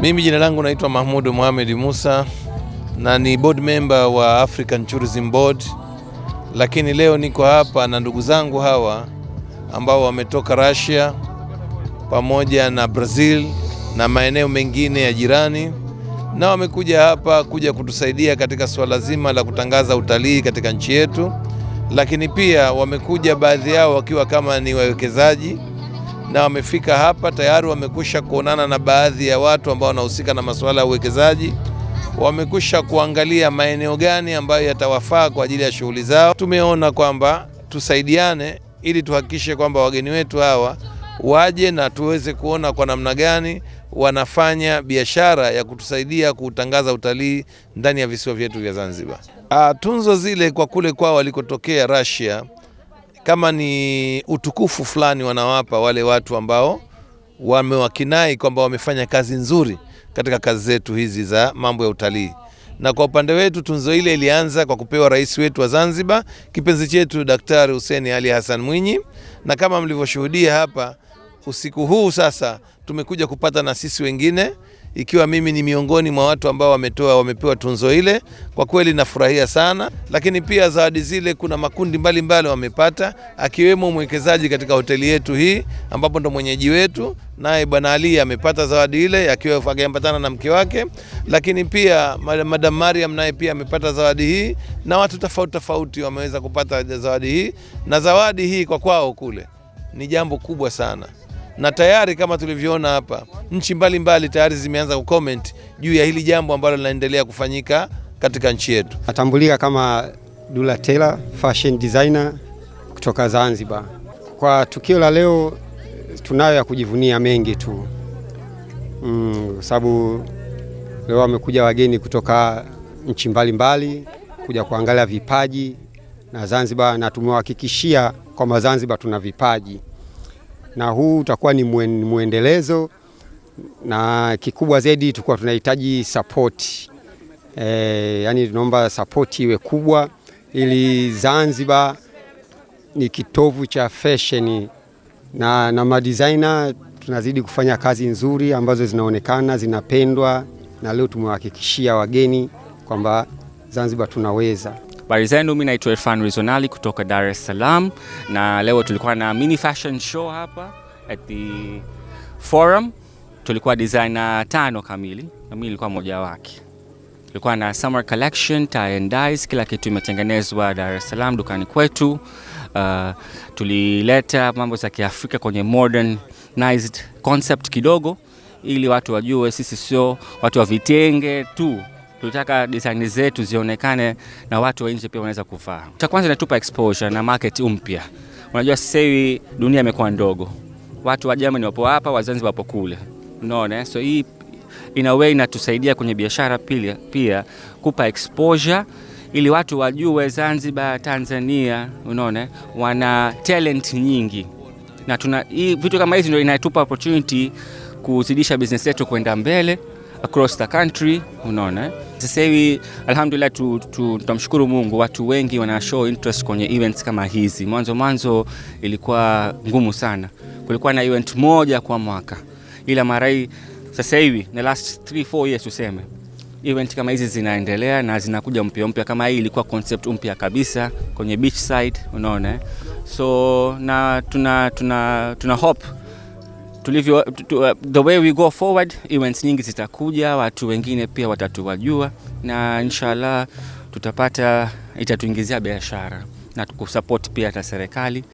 Mimi jina langu naitwa Mahmud Mohamed Musa na ni board member wa African Tourism Board, lakini leo niko hapa na ndugu zangu hawa ambao wametoka Russia pamoja na Brazil na maeneo mengine ya jirani, na wamekuja hapa kuja kutusaidia katika suala zima la kutangaza utalii katika nchi yetu, lakini pia wamekuja baadhi yao wakiwa kama ni wawekezaji na wamefika hapa tayari, wamekusha kuonana na baadhi ya watu ambao wanahusika na masuala ya uwekezaji, wamekusha kuangalia maeneo gani ambayo yatawafaa kwa ajili ya shughuli zao. Tumeona kwamba tusaidiane ili tuhakikishe kwamba wageni wetu hawa waje na tuweze kuona kwa namna gani wanafanya biashara ya kutusaidia kutangaza utalii ndani ya visiwa vyetu vya Zanzibar. Ah, tunzo zile kwa kule kwao walikotokea Russia kama ni utukufu fulani wanawapa wale watu ambao wamewakinai kwamba wamefanya kazi nzuri katika kazi zetu hizi za mambo ya utalii. Na kwa upande wetu tunzo ile ilianza kwa kupewa rais wetu wa Zanzibar, kipenzi chetu Daktari Hussein Ali Hassan Mwinyi, na kama mlivyoshuhudia hapa usiku huu sasa tumekuja kupata na sisi wengine ikiwa mimi ni miongoni mwa watu ambao wametoa wamepewa tunzo ile, kwa kweli nafurahia sana. Lakini pia zawadi zile, kuna makundi mbalimbali mbali wamepata, akiwemo mwekezaji katika hoteli yetu hii ambapo ndo mwenyeji wetu, naye Bwana Ali amepata zawadi ile akiwa akiambatana na mke wake, lakini pia Madam Mariam naye pia amepata zawadi hii, na watu tofauti tofauti wameweza kupata zawadi hii, na zawadi hii kwa kwao kule ni jambo kubwa sana na tayari kama tulivyoona hapa, nchi mbalimbali tayari zimeanza kucomment juu ya hili jambo ambalo linaendelea kufanyika katika nchi yetu. Atambulika kama Dula Tela, fashion designer kutoka Zanzibar. Kwa tukio la leo tunayo ya kujivunia mengi tu mm, kwa mm, sababu leo wamekuja wageni kutoka nchi mbalimbali kuja kuangalia vipaji na Zanzibar, na tumewahakikishia kwamba Zanzibar tuna vipaji na huu utakuwa ni mwendelezo, na kikubwa zaidi tulikuwa tunahitaji support e, yani tunaomba support iwe kubwa ili Zanzibar ni kitovu cha fashion na, na madesigner tunazidi kufanya kazi nzuri ambazo zinaonekana zinapendwa, na leo tumewahakikishia wageni kwamba Zanzibar tunaweza. Habari zenu, mi naitwa Irfan Rizonali kutoka Dar es Salaam, na leo tulikuwa na mini fashion show hapa at the forum. Tulikuwa designer tano kamili na mi ilikuwa mmoja wake. Tulikuwa na summer collection, tie kila kitu imetengenezwa Dar es Salaam dukani kwetu. Uh, tulileta mambo za Kiafrika kwenye modernized concept kidogo, ili watu wajue sisi sio watu wa vitenge tu. Tunataka design zetu zionekane na watu wa nje pia wanaweza kuvaa. Cha kwanza inatupa exposure na market mpya. Unajua sasa hivi dunia imekuwa ndogo, watu wa Germany wapo hapa, Wazanzibar wapo kule, unaona. Eh? So hii in a way inatusaidia kwenye biashara pia, pia kupa exposure ili watu wajue Zanzibar, Tanzania, unaona, wana talent nyingi na tuna hii vitu kama hizi ndio inatupa opportunity kuzidisha business yetu kwenda mbele across the country, unaona. Sasa hivi alhamdulillah, tu, tu, Mungu, watu wengi wana show interest kwenye events kama hizi. Mwanzo mwanzo ilikuwa ngumu sana, kulikuwa na event moja kwa mwaka, ila mara hii sasa hivi the last 3 4 years tuseme event kama hizi zinaendelea na zinakuja mpya mpya. Kama hii ilikuwa concept mpya kabisa kwenye beach side, unaona, so na tuna, tuna, tuna hope tulivyo, uh, the way we go forward, events nyingi zitakuja, watu wengine pia watatuwajua, na inshallah tutapata, itatuingizia biashara na kusupport pia hata serikali.